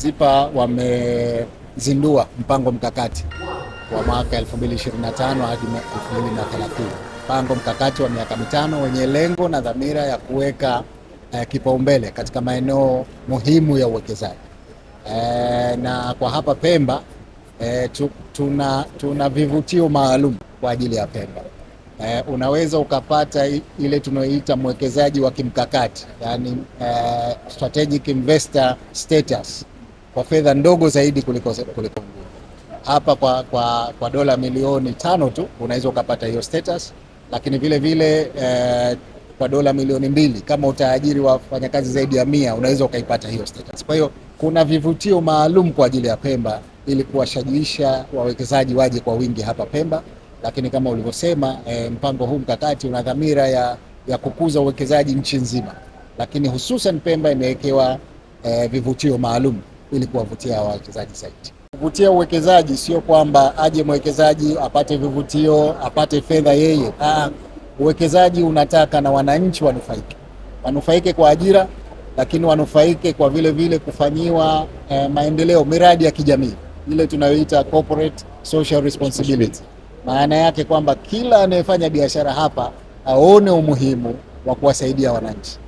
ZIPA wamezindua mpango mkakati wa mwaka 2025 hadi 2030, mpango mkakati wa miaka mitano wenye lengo na dhamira ya kuweka eh, kipaumbele katika maeneo muhimu ya uwekezaji eh, na kwa hapa Pemba eh, tu, tuna, tuna vivutio maalum kwa ajili ya Pemba. Eh, unaweza ukapata ile tunayoita mwekezaji wa kimkakati yani, eh, strategic investor status kwa fedha ndogo zaidi kuliko kuliko hapa kwa, kwa, kwa dola milioni tano tu unaweza ukapata hiyo status, lakini vile vile eh, kwa dola milioni mbili kama utaajiri wafanyakazi zaidi ya mia unaweza ukaipata hiyo status. Kwa hiyo kuna vivutio maalum kwa ajili ya Pemba ili kuwashajiisha wawekezaji waje kwa wingi hapa Pemba, lakini kama ulivyosema e, mpango huu mkakati una dhamira ya, ya kukuza uwekezaji nchi nzima, lakini hususan Pemba imewekewa e, vivutio maalum ili kuwavutia wawekezaji zaidi. Kuvutia uwekezaji sio kwamba aje mwekezaji apate vivutio apate fedha yeye. Aa, ah, uwekezaji unataka na wananchi wanufaike, wanufaike kwa ajira, lakini wanufaike kwa vile vile kufanyiwa eh, maendeleo, miradi ya kijamii ile tunayoita corporate social responsibility. Maana yake kwamba kila anayefanya biashara hapa aone umuhimu wa kuwasaidia wananchi.